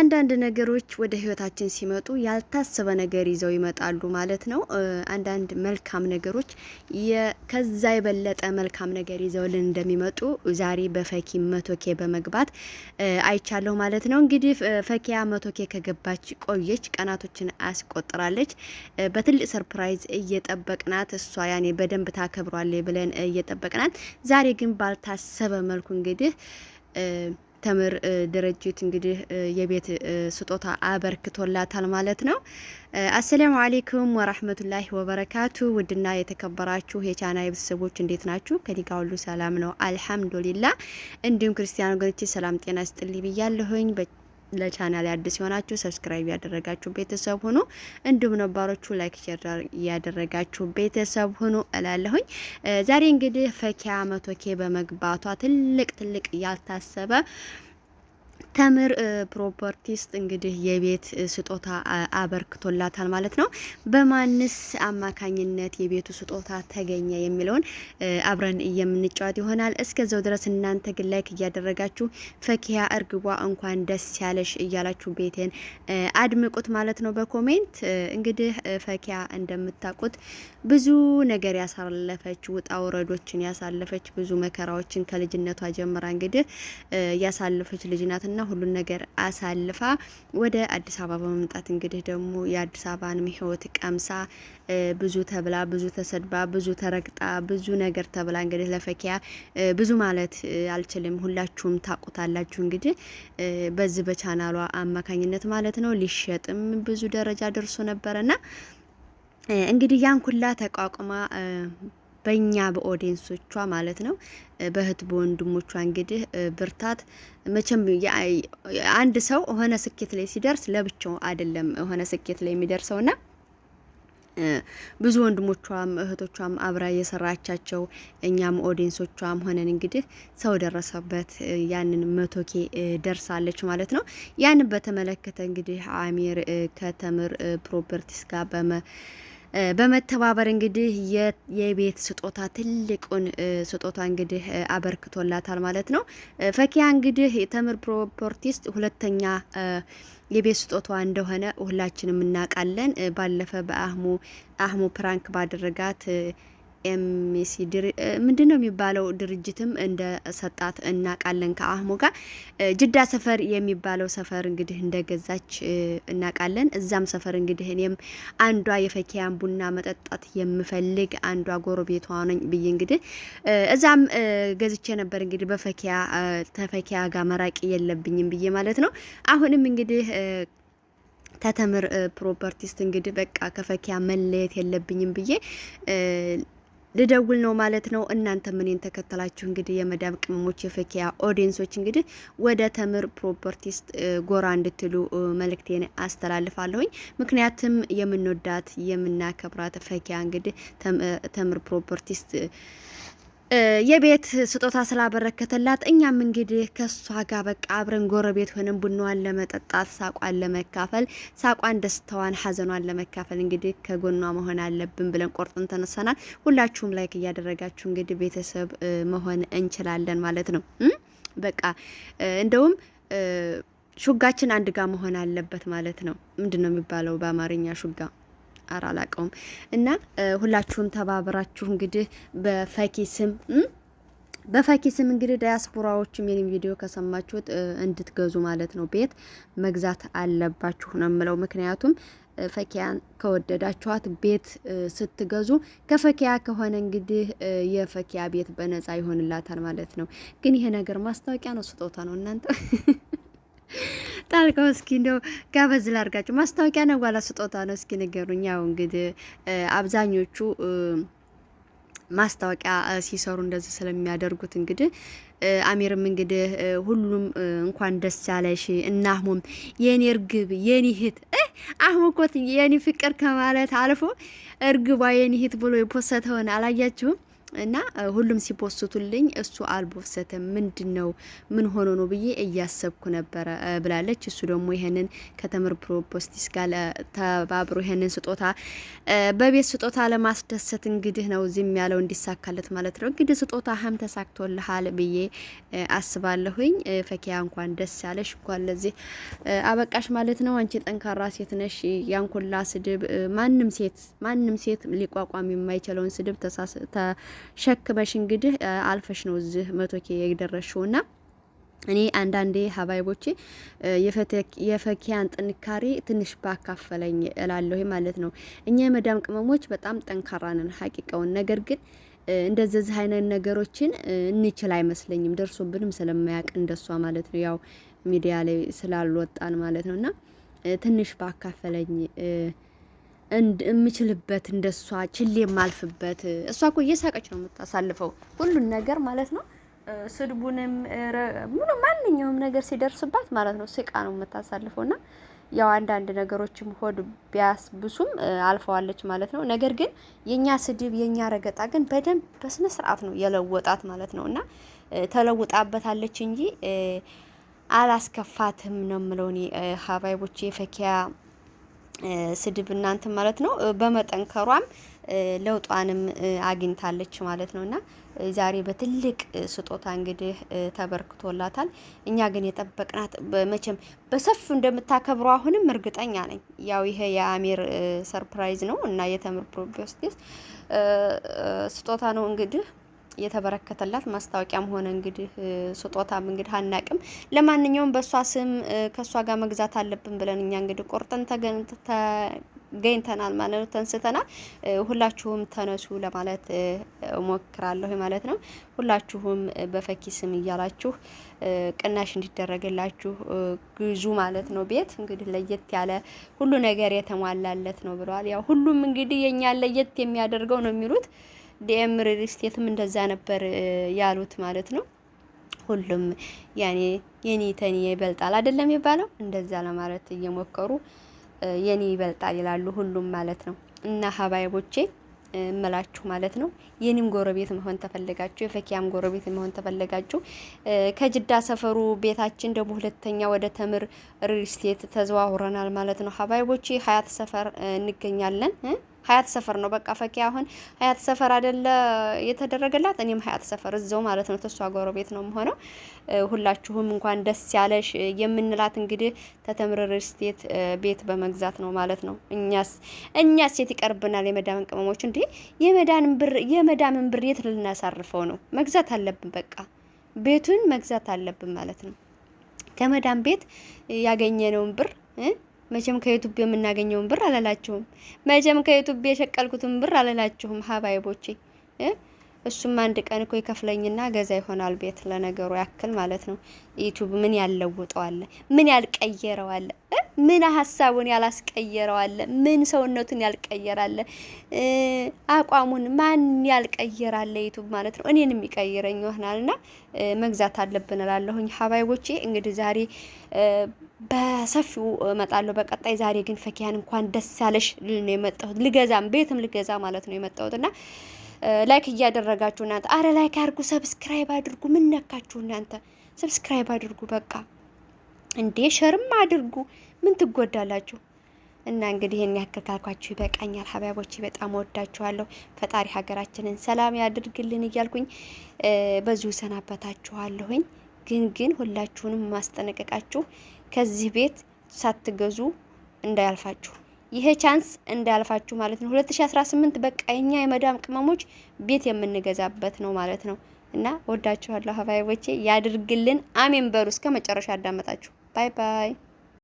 አንዳንድ ነገሮች ወደ ህይወታችን ሲመጡ ያልታሰበ ነገር ይዘው ይመጣሉ ማለት ነው። አንዳንድ መልካም ነገሮች ከዛ የበለጠ መልካም ነገር ይዘውልን እንደሚመጡ ዛሬ በፈኪ መቶኬ በመግባት አይቻለሁ ማለት ነው። እንግዲህ ፈኪያ መቶኬ ከገባች ቆየች፣ ቀናቶችን አስቆጥራለች። በትልቅ ሰርፕራይዝ እየጠበቅናት እሷ ያኔ በደንብ ታከብሯል ብለን እየጠበቅናት፣ ዛሬ ግን ባልታሰበ መልኩ እንግዲህ ተምር ድርጅት እንግዲህ የቤት ስጦታ አበርክቶላታል ማለት ነው። አሰላሙ አሌይኩም ወራህመቱላሂ ወበረካቱ። ውድና የተከበራችሁ የቻና የቤተሰቦች እንዴት ናችሁ? ከኔ ጋ ሁሉ ሰላም ነው አልሐምዱሊላ። እንዲሁም ክርስቲያን ወገኖች ሰላም ጤና ስጥልኝ ብያለሁኝ። ለቻናል አዲስ የሆናችሁ ሰብስክራይብ ያደረጋችሁ ቤተሰብ ሆኖ እንዲሁም ነባሮቹ ላይክ ያደረጋችሁ ቤተሰብ ሆኖ እላለሁኝ። ዛሬ እንግዲህ ፈኪያ መቶ ኬ በመግባቷ ትልቅ ትልቅ ያልታሰበ ተምር ፕሮፐርቲስ እንግዲህ የቤት ስጦታ አበርክቶላታል ማለት ነው። በማንስ አማካኝነት የቤቱ ስጦታ ተገኘ የሚለውን አብረን የምንጫወት ይሆናል። እስከዛው ድረስ እናንተ ግን ላይክ እያደረጋችሁ ፈኪያ እርግቧ እንኳን ደስ ያለሽ እያላችሁ ቤቴን አድምቁት ማለት ነው። በኮሜንት እንግዲህ ፈኪያ እንደምታውቁት ብዙ ነገር ያሳለፈች ውጣ ውረዶችን ያሳለፈች ብዙ መከራዎችን ከልጅነቷ ጀምራ እንግዲህ ያሳለፈች ልጅ ናትና እና ሁሉን ነገር አሳልፋ ወደ አዲስ አበባ በመምጣት እንግዲህ ደግሞ የአዲስ አበባንም ህይወት ቀምሳ ብዙ ተብላ፣ ብዙ ተሰድባ፣ ብዙ ተረግጣ፣ ብዙ ነገር ተብላ እንግዲህ ለፈኪያ ብዙ ማለት አልችልም፣ ሁላችሁም ታቁታላችሁ እንግዲህ በዚህ በቻናሏ አማካኝነት ማለት ነው ሊሸጥም ብዙ ደረጃ ደርሶ ነበረና እንግዲህ ያን ኩላ ተቋቁማ በእኛ በኦዲየንሶቿ ማለት ነው በእህት በወንድሞቿ እንግዲህ ብርታት መቼም አንድ ሰው ሆነ ስኬት ላይ ሲደርስ ለብቻው አይደለም ሆነ ስኬት ላይ የሚደርሰው እና ብዙ ወንድሞቿም እህቶቿም አብራ የሰራቻቸው እኛም ኦዲንሶቿም ሆነን እንግዲህ ሰው ደረሰበት። ያንን መቶኬ ደርሳለች ማለት ነው። ያንን በተመለከተ እንግዲህ አሚር ከተምር ፕሮፐርቲስ ጋር በመ በመተባበር እንግዲህ የቤት ስጦታ ትልቁን ስጦታ እንግዲህ አበርክቶላታል ማለት ነው። ፈኪያ እንግዲህ ተምር ፕሮፖርቲስት ሁለተኛ የቤት ስጦቷ እንደሆነ ሁላችንም እናውቃለን። ባለፈ በአህሙ አህሙ ፕራንክ ባደረጋት ኤምሲ ምንድን ነው የሚባለው ድርጅትም እንደ ሰጣት እናውቃለን። ከአህሙ ጋር ጅዳ ሰፈር የሚባለው ሰፈር እንግዲህ እንደገዛች እናውቃለን። እዛም ሰፈር እንግዲህ እኔም አንዷ የፈኪያን ቡና መጠጣት የምፈልግ አንዷ ጎረቤቷ ነኝ ብዬ እንግዲህ እዛም ገዝቼ ነበር። እንግዲህ በፈኪያ ተፈኪያ ጋር መራቂ የለብኝም ብዬ ማለት ነው። አሁንም እንግዲህ ተተምር ፕሮፐርቲስት እንግዲህ በቃ ከፈኪያ መለየት የለብኝም ብዬ ልደውል ነው ማለት ነው። እናንተ ምንን ተከተላችሁ እንግዲህ የመዳም ቅመሞች የፈኪያ ኦዲየንሶች እንግዲህ ወደ ተምር ፕሮፐርቲስት ጎራ እንድትሉ መልእክቴን አስተላልፋለሁኝ። ምክንያቱም የምንወዳት የምናከብራት ፈኪያ እንግዲህ ተምር ፕሮፐርቲስት የቤት ስጦታ ስላበረከተላት እኛም እንግዲህ ከእሷ ጋር በቃ አብረን ጎረቤት ሆነን ቡናዋን ለመጠጣት ሳቋን ለመካፈል ሳቋን፣ ደስታዋን፣ ሀዘኗን ለመካፈል እንግዲህ ከጎኗ መሆን አለብን ብለን ቆርጥን ተነሳናል። ሁላችሁም ላይክ እያደረጋችሁ እንግዲህ ቤተሰብ መሆን እንችላለን ማለት ነው። በቃ እንደውም ሹጋችን አንድ ጋር መሆን አለበት ማለት ነው። ምንድን ነው የሚባለው በአማርኛ ሹጋ አር አላቀውም። እና ሁላችሁም ተባብራችሁ እንግዲህ በፈኪ ስም በፈኪ ስም እንግዲህ ዳያስፖራዎችም የኔም ቪዲዮ ከሰማችሁት እንድትገዙ ማለት ነው፣ ቤት መግዛት አለባችሁ ነው የምለው። ምክንያቱም ፈኪያን ከወደዳችኋት ቤት ስትገዙ ከፈኪያ ከሆነ እንግዲህ የፈኪያ ቤት በነጻ ይሆንላታል ማለት ነው። ግን ይሄ ነገር ማስታወቂያ ነው፣ ስጦታ ነው እናንተ ጣልቀው እስኪ እንደው ጋበዝ ላድርጋችሁ። ማስታወቂያ ነው ጓላ ስጦታ ነው? እስኪ ንገሩኝ። ያው እንግዲህ አብዛኞቹ ማስታወቂያ ሲሰሩ እንደዚህ ስለሚያደርጉት እንግዲህ አሚርም እንግዲህ ሁሉም እንኳን ደስ ያለሽ እና አህሙም የኔ እርግብ የኔ እህት አህሙ እኮት የኔ ፍቅር ከማለት አልፎ እርግቧ የኔ እህት ብሎ የፖሰተውን አላያችሁም? እና ሁሉም ሲፖስቱልኝ እሱ አልቦሰተም ምንድን ነው ምን ሆኖ ነው ብዬ እያሰብኩ ነበረ ብላለች። እሱ ደግሞ ይሄንን ከተምር ፕሮፖስቲስ ጋር ተባብሮ ይሄንን ስጦታ በቤት ስጦታ ለማስደሰት እንግዲህ ነው ዝም ያለው እንዲሳካለት ማለት ነው። እንግዲህ ስጦታ ህም ተሳክቶልሃል ብዬ አስባለሁኝ። ፈኪያ እንኳን ደስ ያለሽ፣ እንኳን ለዚህ አበቃሽ ማለት ነው። አንቺ ጠንካራ ሴት ነሽ። ያንኮላ ስድብ ማንም ሴት ማንም ሴት ሊቋቋም የማይችለውን ስድብ ሸክመሽ እንግዲህ አልፈሽ ነው እዚህ መቶ ኬ የደረሽውና እኔ አንዳንዴ ሀባይቦቼ የፈኪያን ጥንካሬ ትንሽ ባካፈለኝ እላለሁ ማለት ነው። እኛ የመዳም ቅመሞች በጣም ጠንካራ ነን ሀቂቀውን። ነገር ግን እንደዚህ አይነት ነገሮችን እንችል አይመስለኝም፣ ደርሶብንም ስለማያውቅ እንደሷ ማለት ነው። ያው ሚዲያ ላይ ስላልወጣን ማለት እና ትንሽ ባካፈለኝ የምችልበት እንደሷ ችሌ የማልፍበት። እሷ እኮ እየሳቀች ነው የምታሳልፈው ሁሉን ነገር ማለት ነው። ስድቡንም ማንኛውም ነገር ሲደርስባት ማለት ነው ስቃ ነው የምታሳልፈው። እና ያው አንዳንድ ነገሮችም ሆድ ቢያስብሱም አልፈዋለች ማለት ነው። ነገር ግን የኛ ስድብ የኛ ረገጣ ግን በደንብ በስነ ስርዓት ነው የለወጣት ማለት ነው። እና ተለውጣበታለች እንጂ አላስከፋትም ነው የምለው እኔ ሀባይቦቼ ፈኪያ ስድብ እናንተ ማለት ነው በመጠንከሯም ለውጧንም አግኝታለች ማለት ነው እና ዛሬ በትልቅ ስጦታ እንግዲህ ተበርክቶላታል። እኛ ግን የጠበቅናት መቼም በሰፊው እንደምታከብሩ አሁንም እርግጠኛ ነኝ። ያው ይሄ የአሚር ሰርፕራይዝ ነው እና የተምር ፕሮፖስቲስ ስጦታ ነው እንግዲህ የተበረከተላት ማስታወቂያም ሆነ እንግዲህ ስጦታም እንግዲህ አናቅም። ለማንኛውም በእሷ ስም ከእሷ ጋር መግዛት አለብን ብለን እኛ እንግዲህ ቆርጠን ተገኝተናል ማለት ነው፣ ተንስተናል። ሁላችሁም ተነሱ ለማለት ሞክራለሁ ማለት ነው። ሁላችሁም በፈኪ ስም እያላችሁ ቅናሽ እንዲደረግላችሁ ግዙ ማለት ነው። ቤት እንግዲህ ለየት ያለ ሁሉ ነገር የተሟላለት ነው ብለዋል። ያው ሁሉም እንግዲህ የእኛን ለየት የሚያደርገው ነው የሚሉት ዲኤም ሪል ስቴትም እንደዛ ነበር ያሉት ማለት ነው። ሁሉም ያኔ የኔ ተኔ ይበልጣል አይደለም የሚባለው እንደዛ ለማለት እየሞከሩ የኔ ይበልጣል ይላሉ ሁሉም ማለት ነው። እና ሀባይቦቼ እምላችሁ ማለት ነው። የኔም ጎረቤት መሆን ተፈለጋችሁ፣ የፈኪያም ጎረቤት መሆን ተፈለጋችሁ ከጅዳ ሰፈሩ ቤታችን ደግሞ ሁለተኛ ወደ ተምር ሪል ስቴት ተዘዋውረናል ማለት ነው። ሀባይቦቼ ሀያት ሰፈር እንገኛለን። ሀያት ሰፈር ነው። በቃ ፈኪ አሁን ሀያት ሰፈር አይደለ የተደረገላት፣ እኔም ሀያት ሰፈር እዛው ማለት ነው። ተሷ ቤት ነው የምሆነው። ሁላችሁም እንኳን ደስ ያለሽ የምንላት እንግዲህ ተተምረር ስቴት ቤት በመግዛት ነው ማለት ነው። እኛስ እኛስ የት ይቀርብናል? የመዳምን ቅመሞች እንዴ የመዳንን ብር የመዳምን ብር የት ልናሳርፈው ነው? መግዛት አለብን። በቃ ቤቱን መግዛት አለብን ማለት ነው። ከመዳም ቤት ያገኘነውን ብር መቼም ከዩቱብ የምናገኘውን ብር አላላችሁም። መቼም ከዩቱብ የሸቀልኩትን ብር አላላችሁም። ሀባይቦቼ እሱም አንድ ቀን እኮ ይከፍለኝና ገዛ ይሆናል ቤት ለነገሩ ያክል ማለት ነው። ዩቱብ ምን ያለውጠዋለ? ምን ያልቀየረዋለ? ምን ሀሳቡን ያላስቀየረዋለ? ምን ሰውነቱን ያልቀየራለ? አቋሙን ማን ያልቀየራለ? ዩቱብ ማለት ነው። እኔን የሚቀይረኝ ይሆናልና መግዛት አለብን እላለሁኝ ሀባይቦቼ እንግዲህ ዛሬ በሰፊው እመጣለሁ በቀጣይ። ዛሬ ግን ፈኪያን እንኳን ደስ ያለሽ ልል ነው የመጣሁት። ልገዛም ቤትም ልገዛ ማለት ነው የመጣሁት እና ላይክ እያደረጋችሁ እናንተ፣ አረ ላይክ አድርጉ፣ ሰብስክራይብ አድርጉ። ምን ነካችሁ እናንተ? ሰብስክራይብ አድርጉ በቃ እንዴ፣ ሸርም አድርጉ። ምን ትጎዳላችሁ? እና እንግዲህ ይህን ያክል ካልኳችሁ ይበቃኛል። ሀቢያቦች በጣም ወዳችኋለሁ። ፈጣሪ ሀገራችንን ሰላም ያድርግልን እያልኩኝ በዚሁ ሰናበታችኋለሁኝ። ግን ግን ሁላችሁንም ማስጠነቀቃችሁ ከዚህ ቤት ሳትገዙ እንዳያልፋችሁ ይሄ ቻንስ እንዳያልፋችሁ ማለት ነው። 2018 በቃ የኛ የመዳም ቅመሞች ቤት የምንገዛበት ነው ማለት ነው። እና ወዳችኋለሁ ሀባይቦቼ፣ ያድርግልን። አሜን በሩ እስከ መጨረሻ አዳመጣችሁ። ባይ ባይ